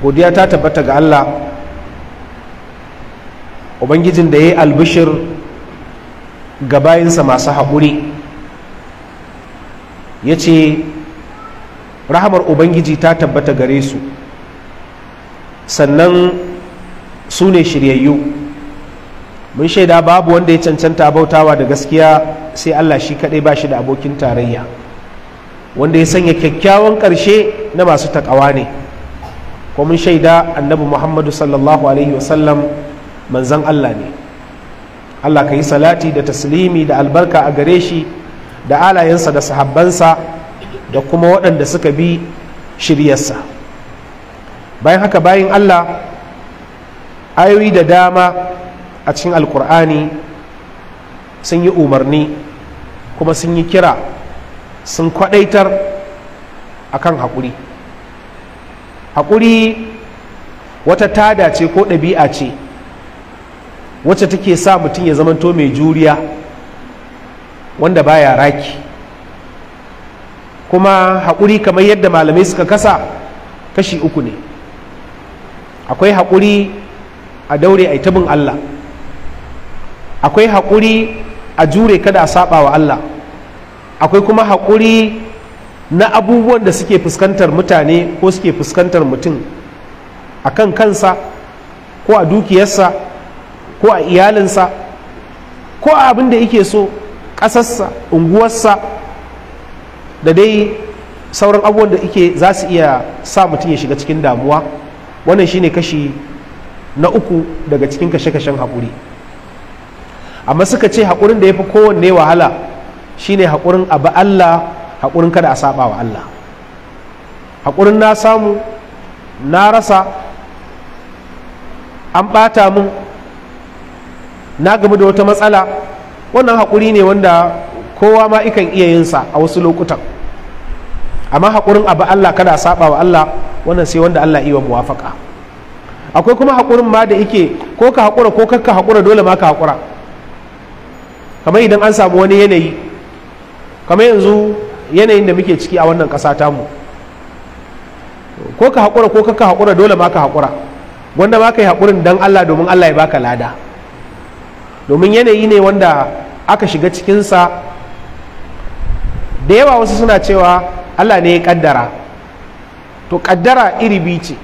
godiya ta tabbata ga Allah ubangijin da ya yi albishir ga bayinsa masu haƙuri ya ce rahamar ubangiji ta tabbata gare su sannan su ne shiryayyu mun shaida babu wanda ya cancanta bautawa da gaskiya sai Allah shi kaɗai ba shi da abokin tarayya wanda ya sanya kyakkyawan ƙarshe na masu taƙawa ne ko mun shaida annabi muhammadu sallallahu alaihi wasallam manzan Allah ne Allah ka yi salati da taslimi da albarka a gare shi da alayensa da sahabbansa da kuma waɗanda suka bi shiryarsa bayan haka bayan Allah ayoyi da dama a cikin alkur'ani sun yi umarni kuma sun yi kira sun kwadaitar a kan haƙuri haƙuri wata tada ce ko ɗabi'a ce wacce take sa mutum ya zamanto mai juriya wanda baya raki kuma haƙuri kamar yadda malamai suka kasa kashi uku ne akwai haƙuri a daure a tabin Allah akwai haƙuri a jure kada a saba wa Allah akwai kuma haƙuri na abubuwan da suke fuskantar mutane ko suke fuskantar mutum a kan kansa ko a dukiyarsa ko a iyalinsa ko a abin da yake so ƙasarsa unguwarsa da dai sauran abubuwan da yake za su iya sa mutum ya shiga cikin damuwa wannan shine kashi na uku daga cikin kashe-kashen haƙuri amma suka ce haƙurin da ya fi kowanne wahala shine haƙurin abu Allah haƙurin kada a saba wa Allah haƙurin na samu na rasa an ɓata mun na gaba da wata matsala wannan haƙuri ne wanda kowa ma ikan iya yinsa a wasu lokutan amma haƙurin abu Allah kada a saba wa Allah wannan sai wanda Allah iya muwafaka akwai kuma haƙurin ma da yake ko ka haƙura ko kakka haƙura dole ma ka haƙura kamar idan an samu wani yanayi kamar yanzu yanayin da muke ciki a wannan ƙasa tamu ko ka haƙura ko kakka haƙura dole ma ka haƙura wanda ma ka yi haƙurin don Allah domin Allah ya baka lada domin yanayi ne wanda aka shiga cikinsa da yawa wasu suna cewa Allah ne ya ƙaddara to ƙaddara iri biyu ce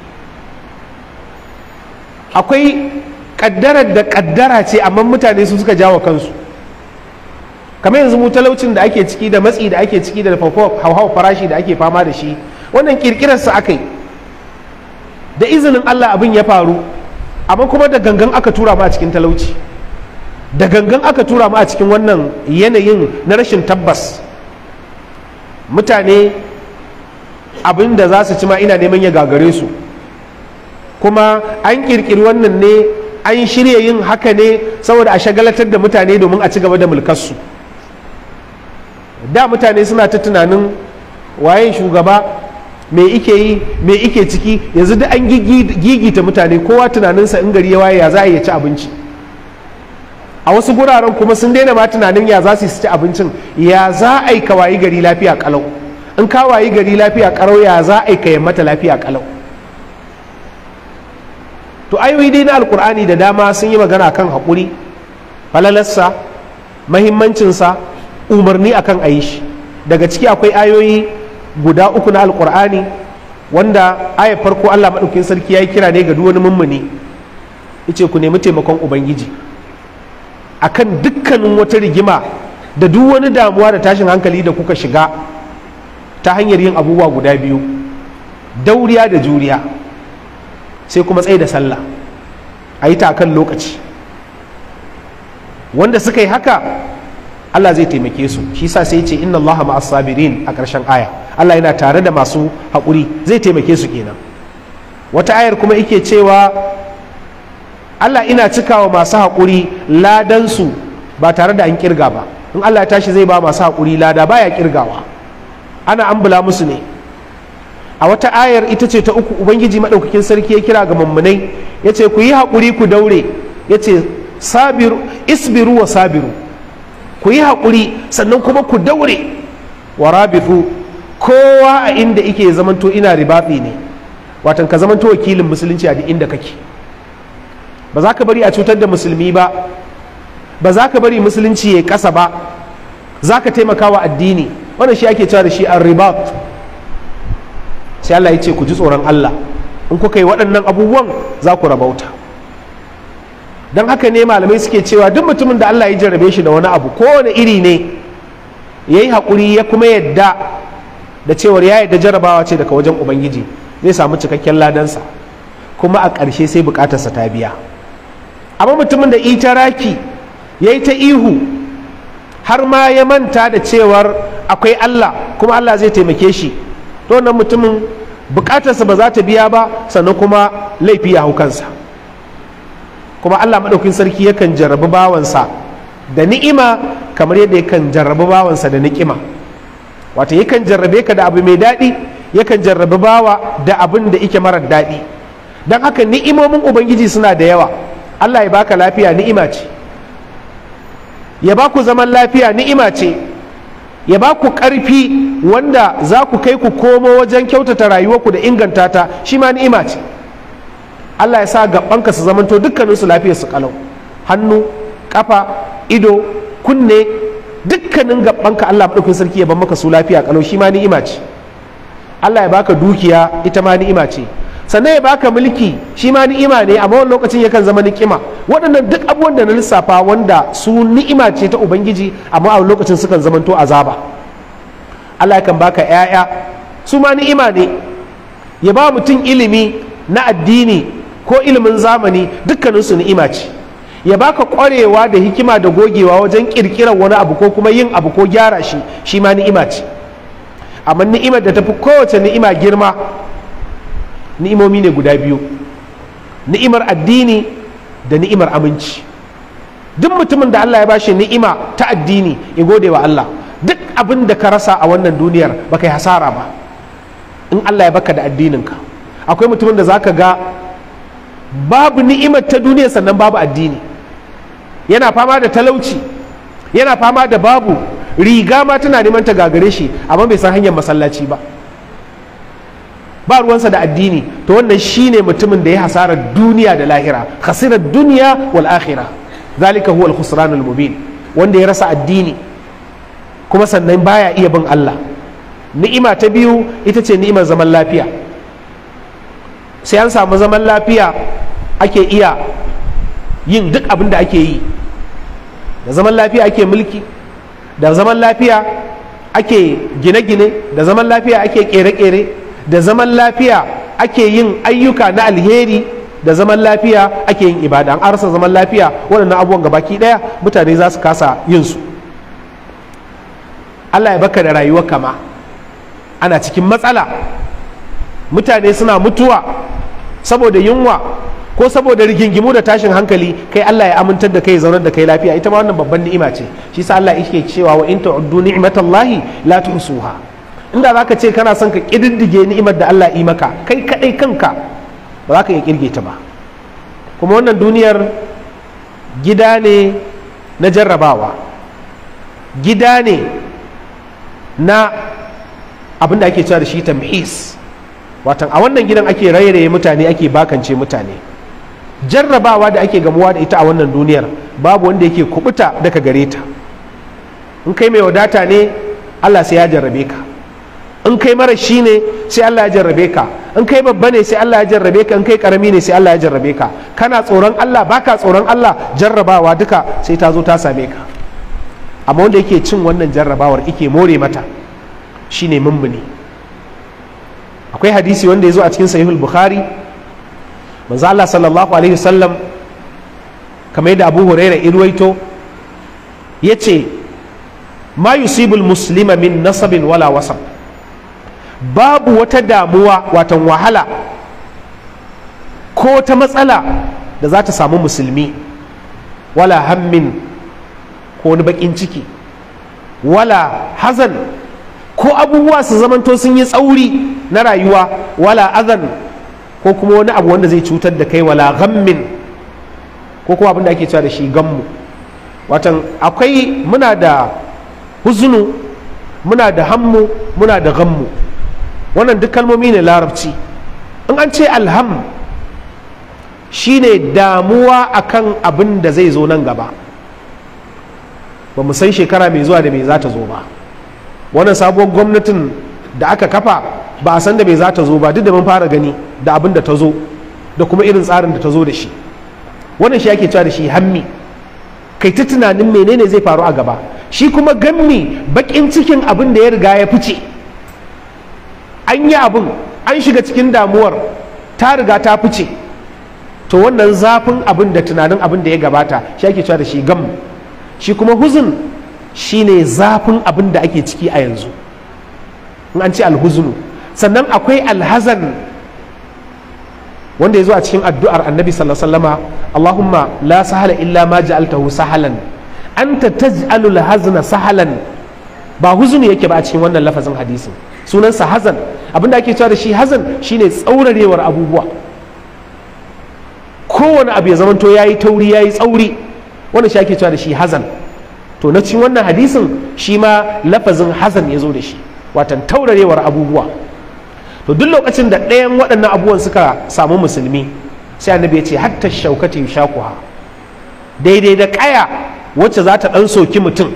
akwai kaddarar da kaddara ce amma mutane su suka jawo kansu kamar yanzu mu talaucin da ake ciki da matsi da ake ciki da hauhau farashi da ake fama da shi wannan kirkirarsa aka yi da izinin allah abin ya faru amma kuma da gangan aka tura mu a cikin talauci da gangan aka tura mu a cikin wannan yanayin na rashin tabbas mutane abin da za su ci ma ina neman ya gagare su kuma an kirkiri wannan ne an shirya yin haka ne saboda a shagalatar da mutane domin a ci gaba da mulkarsu da mutane suna ta tunanin waye shugaba me ike yi me ike ciki yanzu duk an gigita mutane kowa tunaninsa in gari ya waye ya za a ci abinci a wasu guraren kuma sun daina ma tunanin ya za su ci abincin ya za a yi ka gari lafiya kalau in ka gari lafiya karau ya za a yi ka yammata lafiya kalau to ayoyi dai na alkur'ani da dama sun yi magana kan haƙuri falalarsa mahimmancinsa umarni akan a yi shi daga ciki akwai ayoyi guda uku na alkur'ani wanda ayar farko allah maɗaukin sarki ya yi kira ne ga duk wani mummuni ice ku nemi taimakon ubangiji akan dukkanin wata rigima da duk wani damuwa da tashin hankali da kuka shiga ta hanyar yin abubuwa guda biyu dauriya da juriya sai kuma tsaye da sallah a yi ta kan lokaci wanda suka yi haka Allah zai taimake su shi sa sai ce inna allaha ma'as sabirin a ƙarshen aya Allah yana tare da masu haƙuri zai taimake su kenan wata ayar kuma ike cewa Allah ina cikawa masu haƙuri ladansu ba tare da an kirga ba in Allah ya tashi zai ba masu haƙuri lada ba ya kirgawa ana ambula musu ne a wata ayar ita ce ta uku ubangiji maɗaukakin sarki ya kira ga mummunai ya ce ku yi haƙuri ku daure ya ce isbiru wa sabiru ku yi haƙuri sannan kuma ku daure wa rabifu kowa a inda ike zamanto ina ribaɓi ne watan ka zamanto wakilin musulunci a inda kake ba za ka bari a cutar da musulmi ba ba za ka bari musulunci ya kasa ba za ka taimaka wa addini wannan shi ake cewa da shi an ribat sai Allah ya ce ku ji tsoron Allah in kuka yi waɗannan abubuwan za ku rabauta don haka ne malamai suke cewa duk mutumin da Allah ya jarabe shi da wani abu kowane iri ne ya yi haƙuri ya kuma yadda da cewar ya yadda jarabawa ce daga wajen ubangiji zai samu cikakken ladansa kuma a ƙarshe sai buƙatarsa ta biya amma mutumin da ita raki ya yi ta ihu har ma ya manta da cewar akwai Allah kuma Allah zai taimake shi to wannan mutumin bukatarsa ba za ta biya ba sannan kuma laifi ya hau kansa kuma Allah maɗaukin sarki yakan jarrabi bawansa da ni'ima kamar yadda yakan jarrabi bawansa da ni'ima Wata yakan jarrabe ka da abu mai daɗi yakan jarrabi bawa da abin da ike marar daɗi don haka ni'imomin ubangiji suna da yawa Allah ya baka lafiya ni'ima ce ya baku zaman lafiya ni'ima ce ya ba ku ƙarfi wanda za ku kai ku komo wajen kyautata rayuwarku da inganta ta shi ma ni'ima ce Allah ya sa gabanka su zamanto dukkaninsu lafiyar su kalau hannu kafa ido kunne dukkanin gabanka Allah madaukakin sarki ya ban maka su lafiya kalau shi ma ni'ima ce Allah ya baka dukiya ita ma ni'ima ce sannan ya baka mulki shi ma ni'ima ne amma wani lokacin yakan zama ni'ima waɗannan duk abubuwan da na lissafa wanda su ni'ima ce ta ubangiji amma a lokacin sukan zamanto azaba Allah kan baka 'ya'ya su ma ni'ima ne ya ba mutum ilimi na addini ko ilimin zamani dukkaninsu ni'ima ce ya baka ƙwarewa da hikima da gogewa wajen ƙirƙirar wani abu ko kuma yin abu ko gyara shi shi ma ni'ima ce amma ni'imar da tafi kowace ni'ima girma ni'imomi ne guda biyu ni'imar addini da ni'imar aminci duk mutumin da Allah ya bashi ni'ima ta addini ya gode wa Allah duk abin da ka rasa a wannan duniyar baka yi hasara ba in Allah ya baka da addininka akwai mutumin da zaka ga babu ni'imar ta duniya sannan babu addini yana fama da talauci yana fama da babu riga ma tana neman ta gagare shi amma bai san hanyar masallaci ba ba ruwansa da addini to wannan shine mutumin da ya hasara duniya da lahira khasirar duniya wal akhira zalika huwa al-khusran al-mubin wanda ya rasa addini kuma sannan baya iya bin Allah ni'ima ta biyu ita ce ni'imar zaman lafiya sai an samu zaman lafiya ake iya yin duk abin da ake yi da zaman lafiya ake mulki da zaman lafiya ake gine-gine da zaman lafiya ake kere-kere da zaman lafiya ake yin ayyuka na alheri da zaman lafiya ake yin ibada an arsa zaman lafiya waɗannan abubuwan gabaki ɗaya mutane za su kasa yin su allah ya baka da rayuwa kama ana cikin matsala mutane suna mutuwa saboda yunwa ko saboda rigingimu da tashin hankali kai Allah ya amintar da kai zaunar da kai lafiya ita ma wannan babban ni'ima ce shi sa Allah yake cewa wa in ta'uddu ni'matallahi la tuhsuha inda za ka ce kana son ka ƙididdige ni'imar da Allah yi maka kai kaɗai kanka ba za ka iya ƙirge ta ba kuma wannan duniyar gida ne na jarrabawa gida ne na abin da ake cewa da shi tamhis watan a wannan gidan ake rairaye mutane ake bakance mutane jarrabawa da ake gamuwa da ita a wannan duniyar babu wanda yake kubuta daga gare ta in kai mai wadata ne allah sai ya jarrabe ka in kai mara shi ne sai Allah ya jarrabe ka in kai babba ne sai Allah ya jarrabe ka in kai karami ne sai Allah ya jarrabe ka kana tsoron Allah baka tsoron Allah jarrabawa duka sai ta zo ta same ka amma wanda yake cin wannan jarrabawar ike more mata shine mummuni akwai hadisi wanda ya zo a cikin sahihul bukhari manzo Allah sallallahu alaihi wasallam kamar da Abu Huraira irwaito yace ma yusibul muslima min nasabin wala wasab babu wata damuwa watan wahala ko ta matsala da za ta samu musulmi wala hammin ko wani bakin ciki wala hazan ko abubuwa su zamanto sun yi tsauri na rayuwa wala azan ko kuma wani abu wanda zai cutar da kai wala gammin ko kuma abin da ake cewa da shi gammu watan akwai muna da huzunu muna da hammu muna da gammu wannan duk kalmomi ne larabci in an ce alham shine damuwa akan abin da zai zo nan gaba ba mu san shekara mai zuwa da mai za ta zo ba wannan sabuwar gwamnatin da aka kafa ba a san da mai za ta zo ba duk da mun fara gani da abin da ta zo da kuma irin tsarin da ta zo da shi wannan shi ake cewa da shi hammi kai ta tunanin menene zai faru a gaba shi kuma gammi bakin cikin abin da ya riga ya fice an yi abin an shiga cikin damuwar ta riga ta fice to wannan zafin abin da tunanin abin da ya gabata shi ake cewa da shi gam shi kuma huzun shi ne zafin abin da ake ciki a yanzu in an ce alhuzunu sannan akwai alhazan wanda ya zo a cikin addu'ar annabi sallallahu allahumma la sahala illa ma ja'altahu sahalan anta taj'alul hazna sahalan ba huzuni yake ba a cikin wannan lafazin hadisin sunansa hazan abinda ake cewa da shi hazan shine tsaurarewar abubuwa kowane abu ya zamanto ya yi tauri ya yi tsauri wanda shi ake cewa da shi hazan to na cikin wannan hadisin shi ma lafazin hazan ya zo da shi watan taurarewar abubuwa to duk lokacin da ɗayan waɗannan abubuwan suka samu musulmi sai annabi ya ce hatta shaukati yushakuha daidai da kaya wacce za ta ɗan soki mutum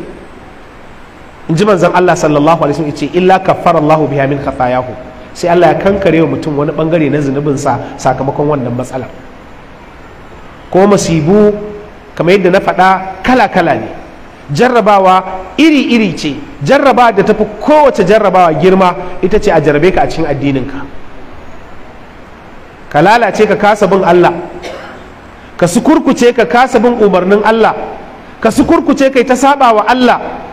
in ji manzan Allah sallallahu alaihi wasallam yace illa kafara Allah biha min khatayahu sai Allah ya kankare wa mutum wani bangare na zunubin sa sakamakon wannan matsalar ko masibu kamar yadda na faɗa kala kala ne jarrabawa iri iri ce jarrabawa da tafi kowace jarrabawa girma ita ce a jarrabe ka a cikin ka ka lalace ka kasa bin Allah ka sukurkuce ka kasa bin umarnin Allah ka sukurkuce kai ta saba wa Allah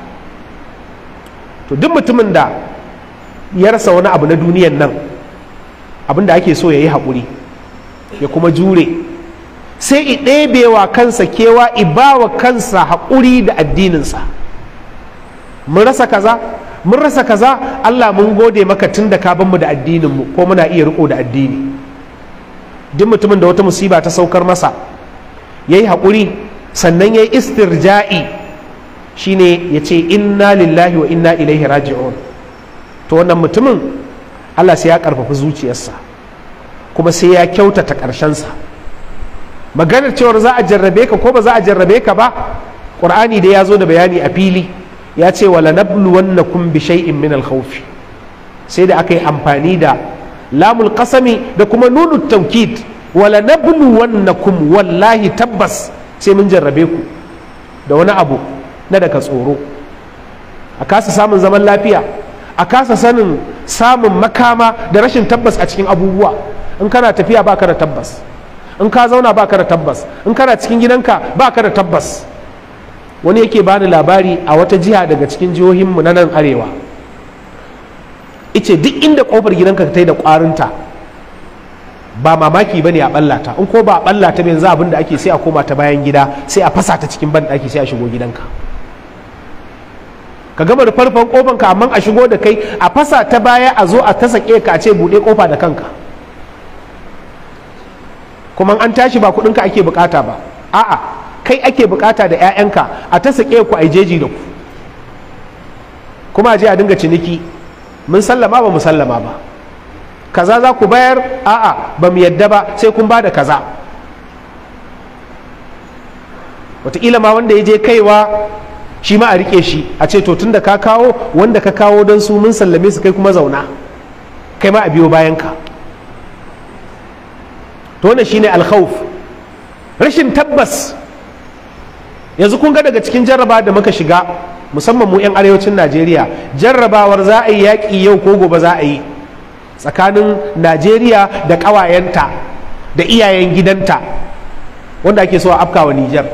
to duk mutumin da ya rasa wani abu na duniyan nan abin da ake so ya yi haƙuri ya kuma jure sai i ɗebewa kansa kewa i wa kansa haƙuri da addininsa mun rasa kaza mun rasa kaza Allah mun gode maka tun da ka mu da addininmu ko muna iya riko da addini duk mutumin da wata musiba ta saukar masa ya yi haƙuri sannan ya yi istirja'i shine ya ce inna lillahi wa inna ilaihi raji'un to wannan mutumin Allah sai ya karfafi zuciyarsa kuma sai ya kyautata ƙarshensa maganar cewar za a jarrabe ka ko ba za a jarrabe ka ba ƙur'ani da ya zo da bayani a fili ya ce wala nabluwannakum bi shay'in min al sai da aka yi amfani da lamul qasami da kuma nunu taukid wala nabluwannakum wallahi tabbas sai mun jarrabe ku da wani abu na daga tsoro a kasa samun zaman lafiya a kasa sanin samun makama da rashin tabbas a cikin abubuwa in kana tafiya baka da tabbas in ka zauna baka da tabbas in kana cikin gidanka baka da tabbas wani yake bani labari a wata jiha daga cikin jihohinmu na nan arewa ice duk inda kofar gidanka ta yi da kwarinta ba mamaki bane a ballata in ko ba a ballata ba yanzu abin da ake sai a koma ta bayan gida sai a fasa ta cikin banɗaki sai a shigo gidanka ka gama da farfan kofan ka amma a shigo da kai a fasa ta baya a zo a ta sake ka a ce buɗe kofa da kanka kuma an tashi ba kuɗin ka ake bukata ba a'a kai ake bukata da 'ya'yanka a ta sake ku a jeji da ku kuma a je a dinga ciniki mun sallama ba mu sallama ba kaza za ku bayar a'a ba mu yadda ba sai kun bada kaza wataƙila ma wanda ya je kaiwa shi ma a riƙe shi a ce to tunda ka kawo wanda ka kawo don su mun sallame su kai kuma zauna kai ma a biyo bayan ka to wannan shine alkhawf rashin tabbas yanzu kun ga daga cikin jarraba da muka shiga musamman mu 'yan arewacin najeriya jarrabawar za a yi yaƙi yau ko gobe za a yi tsakanin najeriya da ƙawayenta da iyayen gidanta wanda ake so a afkawa nijar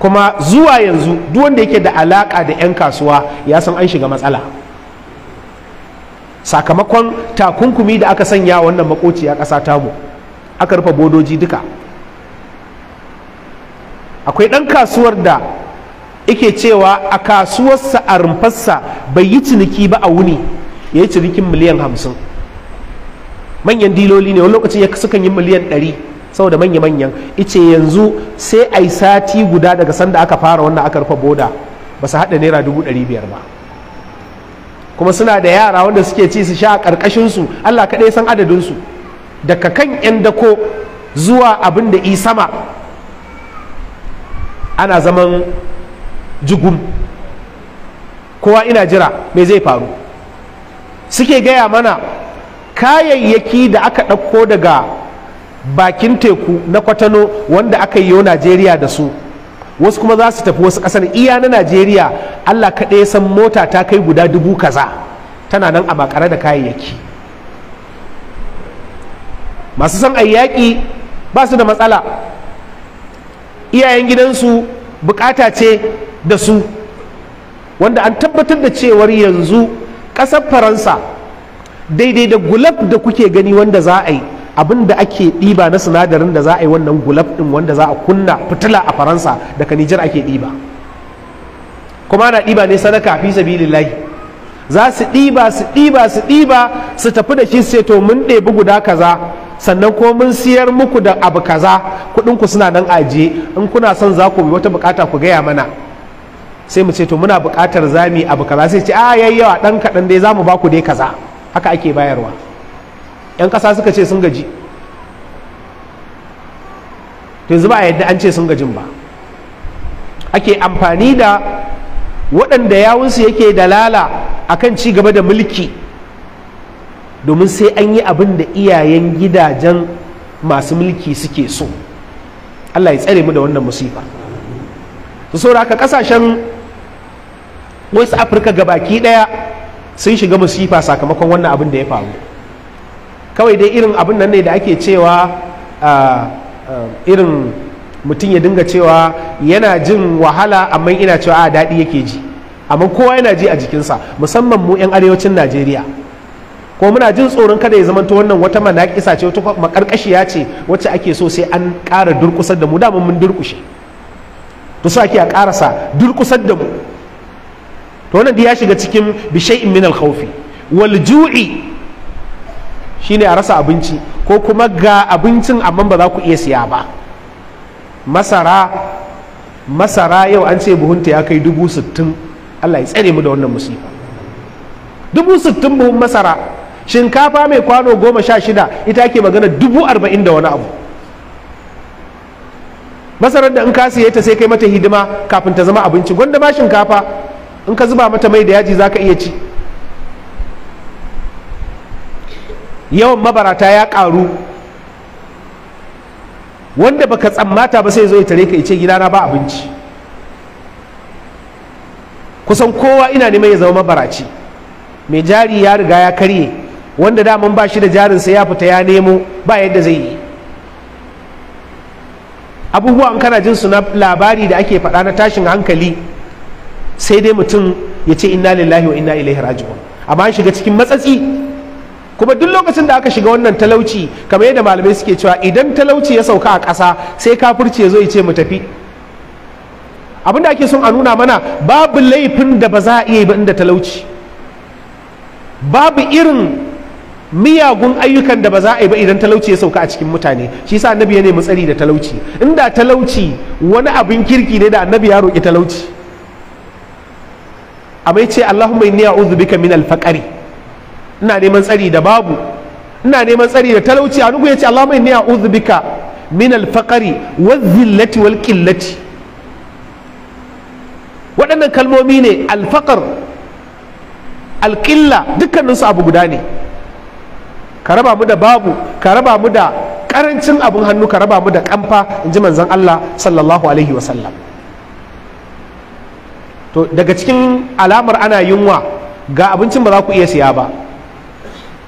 kuma zuwa yanzu duk wanda yake da alaka da 'yan kasuwa ya san an shiga matsala sakamakon takunkumi da aka sanya wannan makociya ƙasa tamu aka rufe bodoji duka akwai ɗan kasuwar da yake cewa a kasuwarsa a rumfarsa bai yi ciniki ba a wuni ya yi cinikin miliyan hamsin manyan diloli ne wani lokacin ya sukan yi miliyan ɗari saboda manya-manyan ice yanzu sai a yi sati guda daga sanda aka fara wannan aka rufe boda ba su haɗa naira dubu ɗari biyar ba kuma suna da yara wanda suke ci su sha a ƙarƙashinsu allah kaɗai san adadinsu daga kan 'yan dako zuwa abin da i sama ana zaman jugum kowa ina jira me zai faru suke gaya mana kayayyaki da aka ɗauko daga bakin teku na kwatano wanda aka yi najeriya da su wasu kuma za su tafi wasu ƙasar iya na najeriya allah kaɗai san mota ta kai guda dubu kaza tana nan a makare da kayayyaki masu son ayyaki ba su da matsala iyayen gidansu bukata ce da su wanda an tabbatar da cewar yanzu ƙasar faransa daidai da gulab da kuke gani wanda za a yi abin da ake ɗiba na sinadarin da za a yi wannan gulab ɗin wanda za a kunna fitila a faransa daga nijar ake ɗiba kuma ana ɗiba ne sadaka fi sabilillahi za su ɗiba su ɗiba su ɗiba su tafi da shi sai to mun ɗebi guda kaza sannan ko mun siyar muku da abu kaza kuɗin ku suna nan ajiye in kuna son za ku bi wata bukata ku gaya mana sai mu ce to muna bukatar zami abu kaza sai ce a ah, yayyawa ɗan kaɗan dai zamu mu ba ku dai kaza haka ake bayarwa 'yan kasa suka ce sun gaji yanzu ba a yadda an ce sun gajin ba ake amfani da waɗanda yawunsu yake dalala a kan gaba da mulki domin sai an yi abin da iyayen gidajen masu mulki suke so Allah ya tsare mu da wannan musifa su sauraka kasashen west africa gabaki daya sun shiga musifa sakamakon wannan abin da ya faru kawai dai irin abin nan ne da ake cewa ah, ah, irin mutum ya dinga cewa yana jin wahala amma ina cewa a ah, daɗi yake ji amma kowa yana ji a jikinsa musamman mu 'yan arewacin najeriya ko muna jin tsoron kada ya zamanto wannan wata manaƙisa ce wata makarƙashiya ce wacce ake so sai an ƙara durƙusar da mu da mun durƙushe to so ake a ƙarasa durƙusar da mu to wannan ya shiga cikin bishai'in min al-khawfi wal ju'i shine a rasa abinci ko kuma ga abincin amma ba za ku iya siya ba masara masara yau an ce buhunta ya kai dubu sittin allah ya tsare mu da wannan musifa dubu sittin buhun masara shinkafa mai kwano goma sha shida ita ke magana dubu arba'in da wani abu masarar da in ka siye ta sai kai mata hidima kafin ta zama abinci gwanda ma shinkafa in ka zuba mata mai da yaji za ka iya ci yawan mabarata ya karu wanda baka tsammata ba sai zo ya tare ka ya ce gidana ba abinci kusan kowa ina neman ya zama mabaraci mai jari ya riga ya karye wanda daman ba shi da jarin jarinsa ya fita ya nemo ba yadda zai yi abubuwan kana jin su na labari da ake faɗa na tashin hankali sai dai mutum ya ce inna lillahi wa inna ilaihi raji'un amma shiga cikin matsatsi kuma duk lokacin da aka shiga wannan talauci kamar yadda malamai suke cewa idan talauci ya sauka a ƙasa sai kafirci ya zo ya ce mu tafi abinda ake son a nuna mana babu laifin da ba za a iya yi ba inda talauci babu irin miyagun ayyukan da ba za a yi ba idan talauci ya sauka a cikin mutane shi sa annabi ya nemi tsari da talauci inda talauci wani abin kirki ne da annabi ya roƙi talauci amma ce allahumma inni a'udhu bika min al ina neman tsari da babu ina neman tsari da talauci a nugu ya ce Allahumma inni a'udhu bika min alfaƙari faqri zillati wal waɗannan kalmomi ne alfaƙar alƙilla al dukkanin su abu guda ne ka raba mu da babu ka raba mu da karancin abun hannu ka raba mu da ƙamfa in ji manzon Allah sallallahu alaihi wa sallam to daga cikin alamar ana yunwa ga abincin ba za ku iya siya ba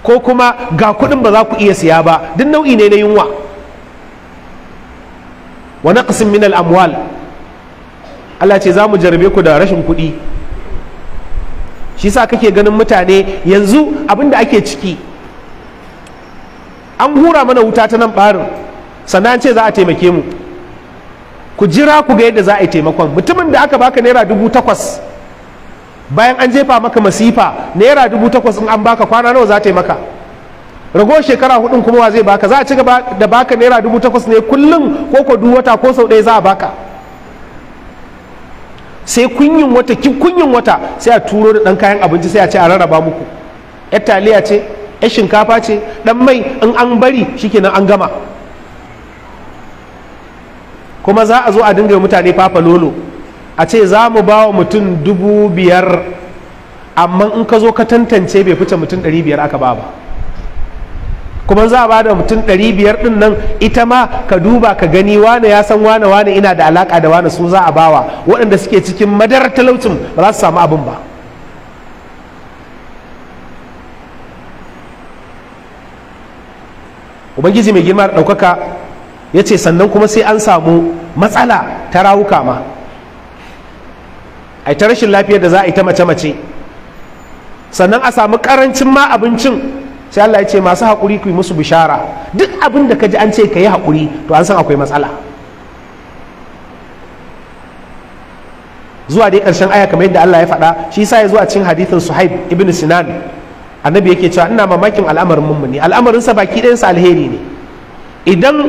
ko kuma ga kuɗin ba za ku iya siya ba duk nau'i ne na yunwa wa naqsin min al-amwal Allah ce za mu jarabe ku da rashin kudi. shi sa kake ganin mutane yanzu abin da ake ciki an hura mana wuta ta nan barin sannan ce za a taimake mu ku jira ku ga yadda za a yi taimakon mutumin da aka baka naira dubu takwas bayan an jefa maka masifa naira dubu takwas in an baka kwana nawa za ta yi maka rago shekara hudun kuma wa zai baka za a ci gaba da baka naira dubu takwas ne kullum ko ko duk wata ko sau ɗaya za a baka sai kunyin wata ki kunyin wata sai a turo da ɗan kayan abinci sai a ce a rarraba muku yar taliya ce yar shinkafa ce ɗan mai in an bari shikenan an gama kuma za a zo a dinga mutane fafa lolo a ce za mu ba wa mutum dubu biyar amma in ka zo ka tantance bai fita mutum ɗari biyar aka ba ba kuma za a ba da mutum ɗari biyar ɗin nan ita ma ka duba ka gani wane ya san wane wane ina da alaƙa da wane su za a bawa waɗanda suke cikin madarar talaucin ba za su samu abin ba ubangiji mai girma da ɗaukaka ya ce sannan kuma sai an samu matsala ta rawuka ma a ta rashin lafiyar da za a yi ta mace-mace sannan a samu karancin ma abincin sai Allah ya ce masu haƙuri ku yi musu bishara duk abin da ka ji an ce ka yi haƙuri to an san akwai matsala zuwa dai ƙarshen aya kamar yadda Allah ya faɗa shi sa ya zuwa cikin hadithin Suhaib ibn Sinan annabi yake cewa ina mamakin al'amarin mummuni al'amarin sa baki sa alheri ne idan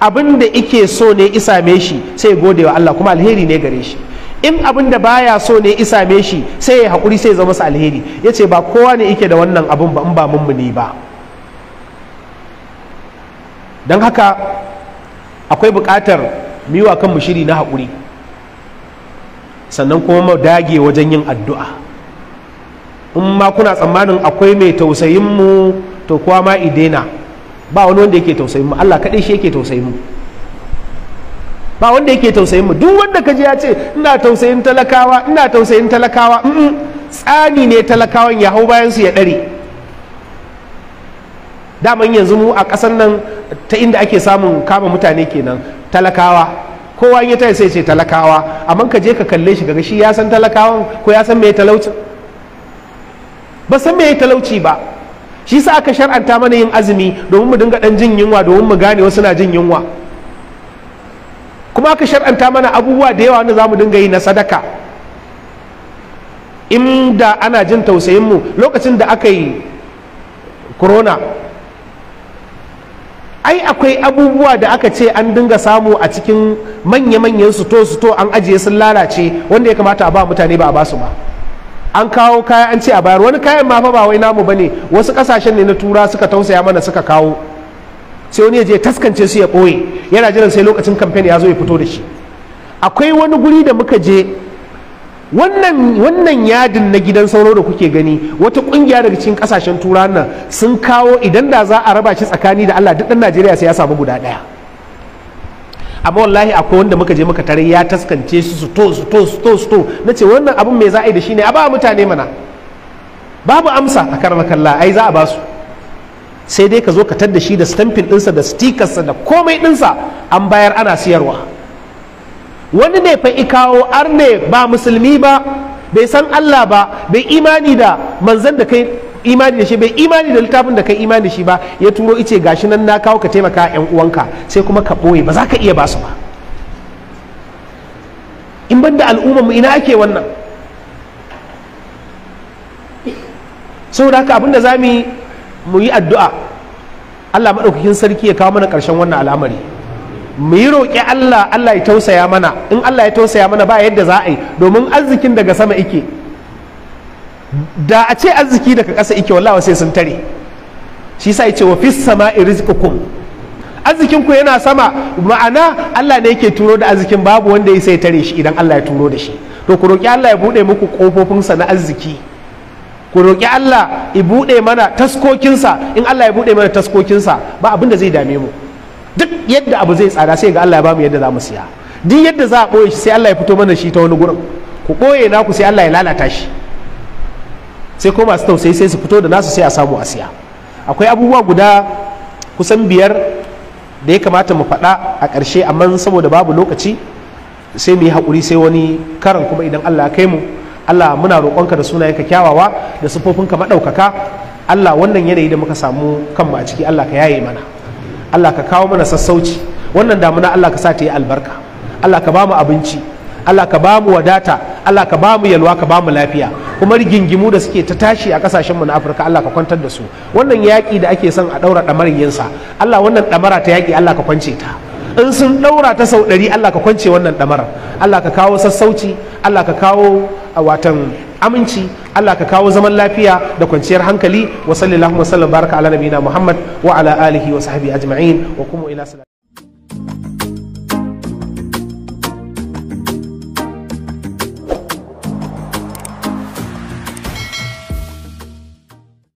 abin da ike so ne isa me shi sai gode wa Allah kuma alheri ne gare shi in abin da baya so ne isa me shi sai ya haƙuri sai ya zama su alheri ya ce ba kowa ne yake da wannan abin ba in ba mummu ne ba don haka akwai buƙatar miwa kan shiri na haƙuri sannan kuma mu dage wajen yin addu'a in ma kuna tsammanin akwai mai tausayin mu to kuwa ma idena ba wani wanda yake tausayin mu Allah kaɗai shi yake tausayin mu ba wanda yake tausayin mu duk wanda ka ji ya ce ina tausayin talakawa ina tausayin talakawa tsani ne talakawan ya hau bayan su ya dare daman yanzu mu a kasan nan ta inda ake samun kama mutane kenan talakawa kowa ya ta sai ce talakawa amma ka je ka kalle shi kaga shi ya san talakawan ko ya san me talauci ba san me talauci ba shi sa aka shar'anta mana yin azumi domin mu dinga dan jin yunwa domin mu gane wasu na jin yunwa kuma aka shar'anta mana abubuwa da yawa wanda za mu dinga yi na sadaka inda ana jin tausayinmu lokacin da aka yi corona ai akwai abubuwa da aka ce an dinga samu a cikin manya-manyan suto-suto an ajiye sun lalace wanda ya kamata a ba mutane ba a basu ba an kawo kaya an ce a bayar wani kayan mafa ba wai namu ba ne wasu kasashen ne na tura suka tausaya mana suka kawo sai wani ya je taskance su ya ɓoye yana jiran sai lokacin kamfen ya zo ya fito da shi akwai wani guri da muka je wannan yadin na gidan sauro da kuke gani wata kungiya daga cikin kasashen turan nan sun kawo idan da za a raba shi tsakani da Allah duk dan Najeriya sai ya samu guda daya amma wallahi akwai wanda muka je muka tare ya taskance su su to su to su to su to nace wannan abun me za a yi da shi ne a ba mutane mana babu amsa a karmakalla ai za a ba su sai dai ka zo ka tadda shi da stamfin ɗinsa da stikarsa da komai ɗinsa an bayar ana siyarwa wani ne fa ikawo ne ba musulmi ba bai san Allah ba bai imani da manzan da kai imani da shi bai imani da littafin da kai imani da shi ba ya turo ice gashi nan na kawo ka taimaka yan uwanka sai kuma ka boye ba za ka iya basu ba in ban da al'ummar mu ina ake wannan saboda haka abinda za mu yi mu yi addu'a Allah maɗaukakin sarki ya kawo mana ƙarshen wannan al'amari mu yi roƙi Allah Allah ya tausaya mana in Allah ya tausaya mana ba yadda za a yi domin arzikin daga sama ike da a ce arziki daga ƙasa ike wallawa sai sun tare shi sa ya ce wa fis sama rizqukum arzikin ku yana sama ma'ana Allah ne yake turo da arzikin babu wanda ya sai tare shi idan Allah ya turo da shi to ku roƙi Allah ya buɗe muku ƙofofinsa na arziki ku roƙi Allah i buɗe mana taskokinsa in Allah ya buɗe mana taskokinsa ba abin da zai dame mu duk yadda abu zai tsada sai ga Allah ya bamu yadda za mu siya duk yadda za a ɓoye shi sai Allah ya fito mana shi ta wani gurin ku ɓoye naku sai Allah ya lalata shi sai ko masu tausayi sai su fito da nasu sai a samu a siya akwai abubuwa guda kusan biyar da ya kamata mu faɗa a ƙarshe amma saboda babu lokaci sai mu yi haƙuri sai wani karan kuma idan Allah ya kai mu Allah muna roƙonka da sunayenka kyawawa da sufofinka maɗaukaka Allah wannan yanayi da muka samu kanmu a ciki Allah ka yaye mana Allah ka kawo mana sassauci wannan damuna Allah ka sa ta yi albarka Allah ka bamu abinci Allah ka bamu wadata Allah ka bamu yalwa ka bamu lafiya kuma rigingimu da suke ta tashi a kasashen mu na Afirka Allah ka kwantar da su wannan yaƙi da ake son a ɗaura ɗamarin yinsa Allah wannan ɗamara ta yaƙi Allah ka kwance ta in sun ɗaura ta sau ɗari Allah ka kwance wannan ɗamarar Allah ka kawo sassauci Allah ka kawo watan aminci Allah ka kawo zaman lafiya da kwanciyar hankali wa sallallahu wa baraka ala nabina Muhammad wa ala alihi wa sahbihi ajma'in wa kuma ila